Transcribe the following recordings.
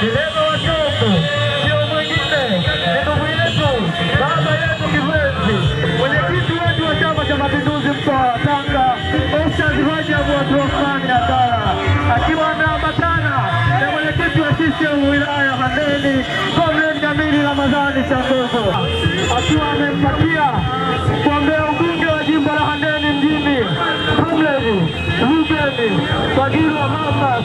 dereva wa Kongo sio mwingine ni ndugu yetu baba yetu kipenzi, mwenyekiti wetu wa Chama cha Mapinduzi mkoa wa Tanga Ustaz Rajabu Abdurahmani Ndala akiwa ameambatana na mwenyekiti wa CCM wilaya Handeni Comrade Kamili Ramadhani Sandogo akiwa amempatia mgombea ubunge wa jimbo la Handeni mjini Comrade Rubeni Fagilwa mama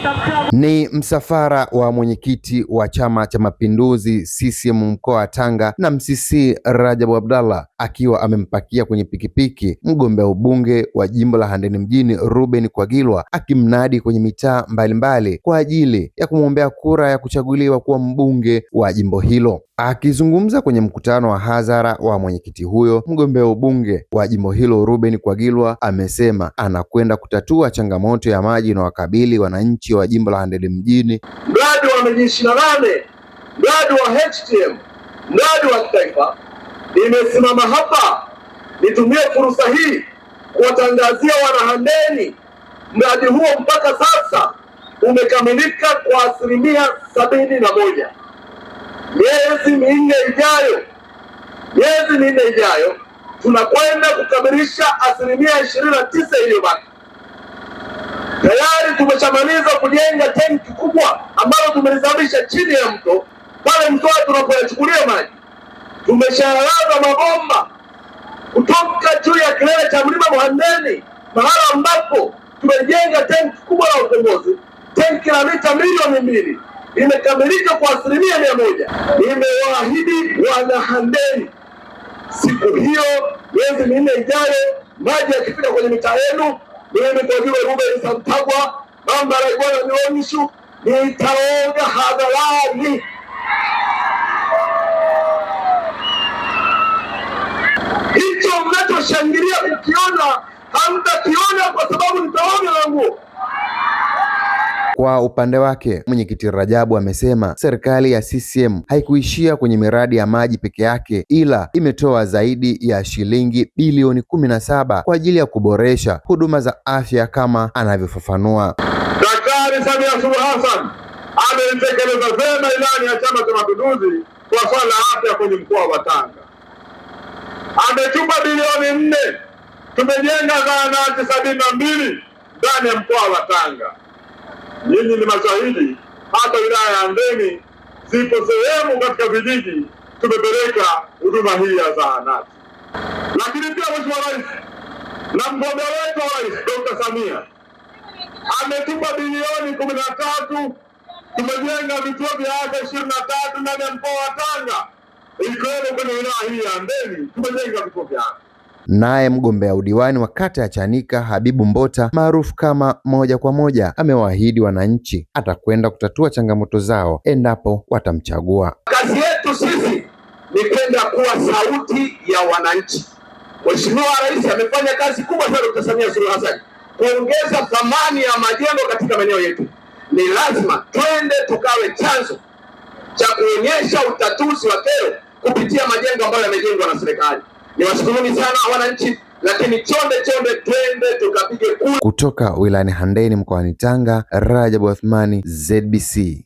ni msafara wa mwenyekiti wa Chama cha Mapinduzi CCM mkoa wa Tanga na MCC Rajabu Abdallah akiwa amempakia kwenye pikipiki mgombea ubunge wa jimbo la Handeni mjini Ruben Kwagilwa akimnadi kwenye mitaa mbalimbali kwa ajili ya kumwombea kura ya kuchaguliwa kuwa mbunge wa jimbo hilo. Akizungumza kwenye mkutano wa hadhara wa mwenyekiti huyo, mgombea ubunge wa jimbo hilo Ruben Kwagilwa amesema anakwenda kutatua changamoto ya maji inayowakabili wananchi wa jimbo la Handeni mjini, mradi wa miji ishirini na nane, mradi wa HTM, mradi wa kitaifa. Nimesimama hapa nitumie fursa hii kuwatangazia wanahandeni, mradi huo mpaka sasa umekamilika kwa asilimia sabini na moja. Miezi minne ijayo, miezi minne ijayo tunakwenda kukamilisha asilimia ishirini na tisa iliyobaki. Tayari tumeshamaliza kujenga tenki kubwa ambalo tumelisababisha chini ya mto pale mtoa tunapoyachukulia maji. Tumeshalaza mabomba kutoka juu ya kilele cha mlima Mhandeni, mahala ambapo tumejenga tenki kubwa la ukombozi. Tenki la lita milioni mbili limekamilika kwa asilimia mia moja. Nimewaahidi wanahandeni, siku hiyo miezi minne ijayo, maji yakifika kwenye mitaa yenu mimi kwa vile Ruben Santagwa mamba alikuwa ananionyesha, nitaoga hadharani hicho mnachoshangilia, mkiona hamtakiona kwa sababu nitaoga na nguo kwa upande wake, mwenyekiti Rajabu amesema serikali ya CCM haikuishia kwenye miradi ya maji peke yake, ila imetoa zaidi ya shilingi bilioni kumi na saba kwa ajili ya kuboresha huduma za afya kama anavyofafanua. Daktari Samia Suluhu Hassan ameitekeleza vyema ilani ya Chama cha Mapinduzi kwa swala la afya kwenye mkoa wa Tanga, ametupa bilioni nne, tumejenga zahanati sabini na mbili ndani ya mkoa wa Tanga Nyinyi ni mashahidi, hata wilaya ya Handeni zipo sehemu katika vijiji tumepeleka huduma hii ya zahanati. Lakini pia Mheshimiwa Rais na mgombea wetu wa rais Dr. Samia ametupa bilioni kumi na tatu. Tumejenga vituo vya afya ishirini na tatu ndani ya mkoa wa Tanga, ikiwemo kwenye wilaya hii ya Handeni tumejenga vituo vya afya Naye mgombea udiwani wa kata ya Chanika Habibu Mbota maarufu kama moja kwa moja amewaahidi wananchi atakwenda kutatua changamoto zao endapo watamchagua. Kazi yetu sisi ni kwenda kuwa sauti ya wananchi. Mheshimiwa Rais amefanya kazi kubwa sana, Dkt. Samia Suluhu Hassan, kuongeza thamani ya majengo katika maeneo yetu. Ni lazima twende tukawe chanzo cha kuonyesha utatuzi wa kero kupitia majengo ambayo yamejengwa na serikali. Niwashukuruni sana wananchi, lakini chonde chonde, twende tukapige kura. Kutoka wilayani Handeni mkoani Tanga, Rajabu Athmani, ZBC.